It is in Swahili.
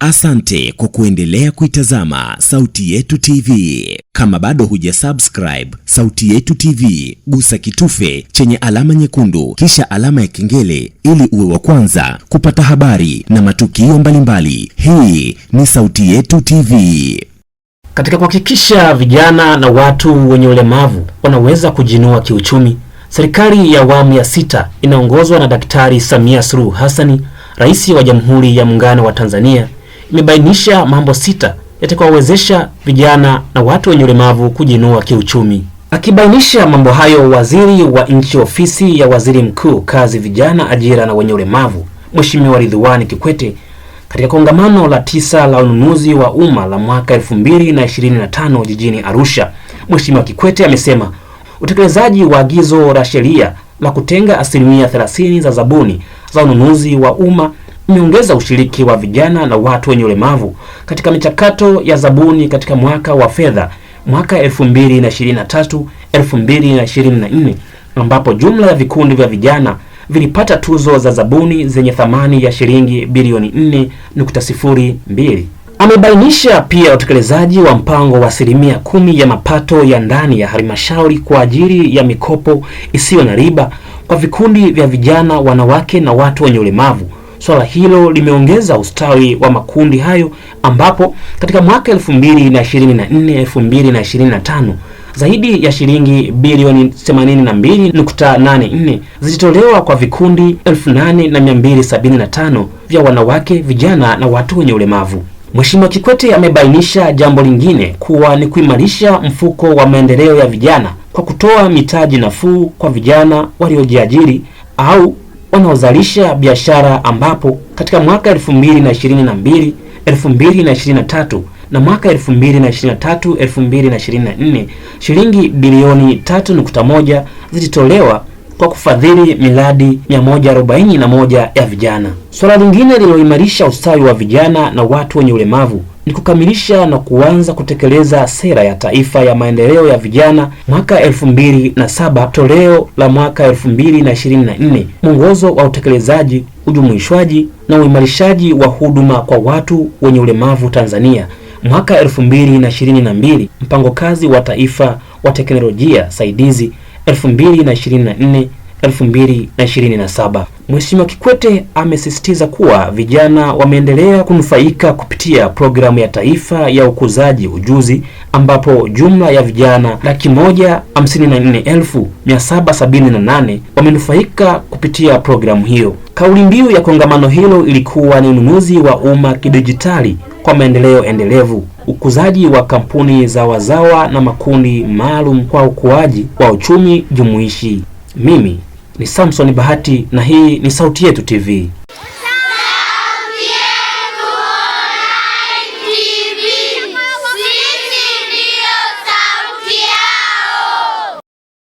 Asante kwa kuendelea kuitazama Sauti Yetu TV. Kama bado hujasubscribe Sauti Yetu TV, gusa kitufe chenye alama nyekundu kisha alama ya kengele ili uwe wa kwanza kupata habari na matukio mbalimbali. Hii ni Sauti Yetu TV. Katika kuhakikisha vijana na watu wenye ulemavu wanaweza kujinua kiuchumi, serikali ya awamu ya sita inaongozwa na Daktari Samia Suluhu Hassani, Rais wa Jamhuri ya Muungano wa Tanzania imebainisha mambo sita yatakayowezesha vijana na watu wenye ulemavu kujiinua kiuchumi. Akibainisha mambo hayo, waziri wa nchi ofisi ya waziri mkuu, kazi, vijana, ajira na wenye ulemavu, Mheshimiwa Ridhiwani Kikwete katika kongamano la tisa la ununuzi wa umma la mwaka 2025 jijini Arusha, Mheshimiwa Kikwete amesema utekelezaji wa agizo la sheria la kutenga asilimia 30 za zabuni za ununuzi wa umma imeongeza ushiriki wa vijana na watu wenye ulemavu katika michakato ya zabuni katika mwaka wa fedha mwaka 2023 2024 ambapo jumla ya vikundi vya vijana vilipata tuzo za zabuni zenye thamani ya shilingi bilioni 4.02. Amebainisha pia utekelezaji wa mpango wa asilimia kumi ya mapato ya ndani ya halmashauri kwa ajili ya mikopo isiyo na riba kwa vikundi vya vijana, wanawake na watu wenye ulemavu Swala hilo limeongeza ustawi wa makundi hayo ambapo katika mwaka 2024 2025 zaidi ya shilingi bilioni 82.84 zilitolewa kwa vikundi 8275 vya wanawake, vijana na watu wenye ulemavu. Mheshimiwa Kikwete amebainisha jambo lingine kuwa ni kuimarisha mfuko wa maendeleo ya vijana kwa kutoa mitaji nafuu kwa vijana waliojiajiri au wanaozalisha biashara ambapo katika mwaka 2022, 2023 na mwaka 2023, 2024 shilingi bilioni 3.1 zilitolewa kwa kufadhili miradi 141 ya vijana. Suala lingine lililoimarisha ustawi wa vijana na watu wenye ulemavu ni kukamilisha na kuanza kutekeleza sera ya taifa ya maendeleo ya vijana mwaka elfu mbili na saba toleo la mwaka elfu mbili na ishirini na nne mwongozo wa utekelezaji, ujumuishwaji na uimarishaji wa huduma kwa watu wenye ulemavu Tanzania mwaka elfu mbili na ishirini na mbili mpango kazi wa taifa wa teknolojia saidizi elfu mbili na ishirini na nne 2027. Mheshimiwa Kikwete amesisitiza kuwa vijana wameendelea kunufaika kupitia programu ya taifa ya ukuzaji ujuzi ambapo jumla ya vijana laki moja hamsini na nne elfu mia saba sabini na nane wamenufaika kupitia programu hiyo. Kauli mbiu ya kongamano hilo ilikuwa ni ununuzi wa umma kidijitali kwa maendeleo endelevu, ukuzaji wa kampuni za wazawa na makundi maalum kwa ukuaji wa uchumi jumuishi. Mimi ni Samson Bahati na hii ni Sauti Yetu TV.